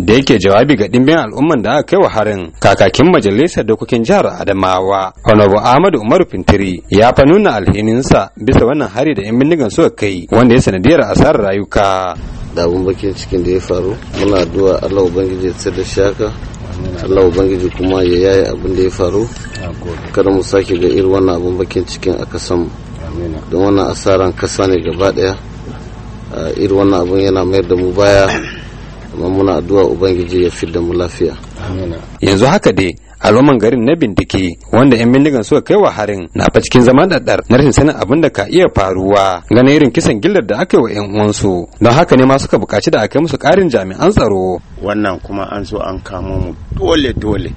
da yake jawabi ga dimbin al'umman da aka kai wa harin kakakin majalisar dokokin jihar adamawa honorable ahmadu umaru fintiri ya fa nuna alhininsa bisa wannan hari da yan bindigan suka kai wanda ya sanadiyar asarar rayuka da abun bakin cikin da ya faru muna addu'a allah ubangiji ya da shaka allah ubangiji kuma ya yaye abin da ya faru kada mu sake ga irin wannan abun bakin cikin a kasan don wannan asaran kasa ne gaba daya irin wannan abun yana mayar da mu baya kuma muna addu'a ubangiji ya fidda mu lafiya yanzu haka dai al'umman garin na bindiki wanda 'yan bindigan suka kai wa harin na fa cikin zaman ɗaɗɗar na rashin sanin abin da ka iya faruwa ganin irin kisan gillar da aka yi wa 'yan uwansu don haka ne ma suka bukaci da aka yi musu ƙarin jami'an tsaro wannan kuma an zo an kamo mu dole dole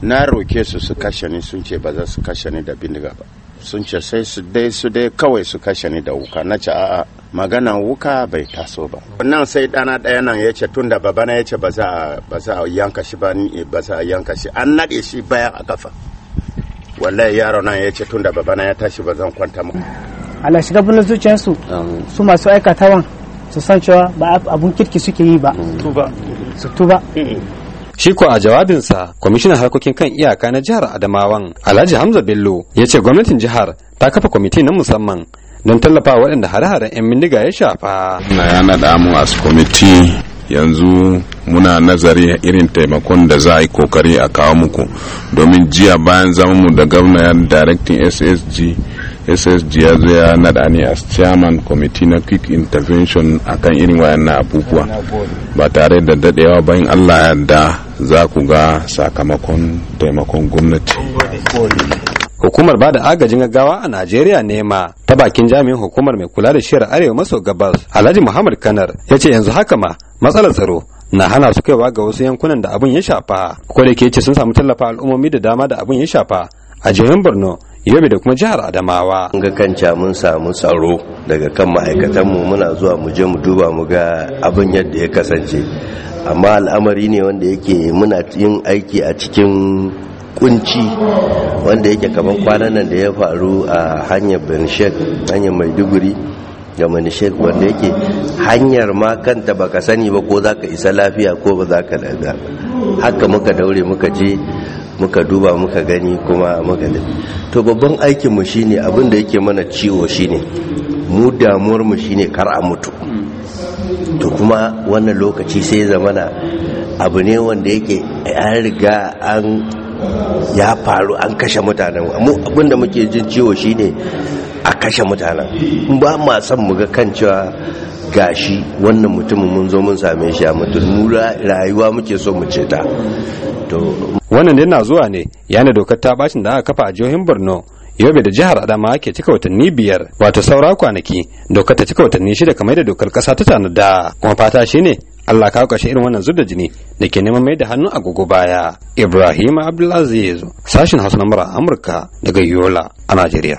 na roke su su kashe ni sun ce ba za su kashe ni da bindiga ba sun ce sai su dai su dai kawai su kashe ni da wuka na ce a'a maganan wuka bai taso ba nan sai ɗana ɗaya nan ya ce tun da babana ya ce ba za a yanka shi ba ba za a yanka shi an naɗe shi bayan a kafa wallahi yaro nan ya ce tun da babana ya tashi ba zan kwanta mu ala shiga bunin zuciyarsu su masu aikatawan su san cewa ba abun kirki suke yi ba mm. su tuba Shi ko a jawabinsa, kwamishinan harkokin kan iyaka na jihar Adamawan, Alhaji Hamza Bello, ya ce gwamnatin jihar ta kafa kwamiti na musamman don tallafa waɗanda hare-haren 'yan miliga ya shafa. Na yana da mu as kwamiti yanzu muna nazari irin taimakon da za a yi kokari a kawo muku domin jiya bayan mu da gwamna directing ssg ssg ya zo ya nada ni as chairman committee na quick intervention akan irin wayannan abubuwa ba tare da dadewa bayan allah yadda za ku ga sakamakon taimakon gwamnati hukumar bada agajin gaggawa a Najeriya nema ta bakin jami'in hukumar mai kula da shiyar arewa maso gabas Alhaji Muhammad Kanar ya ce yanzu haka ma matsalar tsaro na hana su kaiwa ga wasu yankunan da abin ya shafa ko da ke ce sun samu tallafa al'ummomi da dama da abin ya shafa a jihar Borno Yobe da kuma jihar Adamawa. Mun ga kanca mun samu tsaro daga kan ma'aikatanmu muna zuwa mu je mu duba mu ga abin yadda ya kasance. Amma al'amari ne wanda yake muna yin aiki a cikin kunci wanda yake kamar kwanan nan da ya faru a hanyar benishek hanyar maiduguri da manishek wanda yake hanyar ma kanta ka sani ba ko za ka isa lafiya ko ba za ka daga haka muka daure muka je muka duba muka gani kuma muka da to babban aikinmu shine abin da yake mana ciwo shine mu damuwarmu shine kar a mutu to kuma wannan lokaci sai zamana abu ne wanda yake an riga an ya faru an kashe mutanen mu abinda muke jin ciwo shine a kashe mutanen ba ma san mu ga kan cewa gashi wannan mutumin mun zo mun same shi a mutum rayuwa muke so mu ce ta wannan yana zuwa ne yana dokar ta bacin da aka kafa a jihohin borno yobe da jihar adama ke cika watanni biyar wato saura kwanaki dokar ta cika watanni shida kamar da dokar kasa ta tanada kuma fata ne. Allah ka kashe irin wannan zub da jini da ke neman mai da hannu agogo baya Ibrahim Abdulaziz sashin Hausa na Amurka daga Yola a Najeriya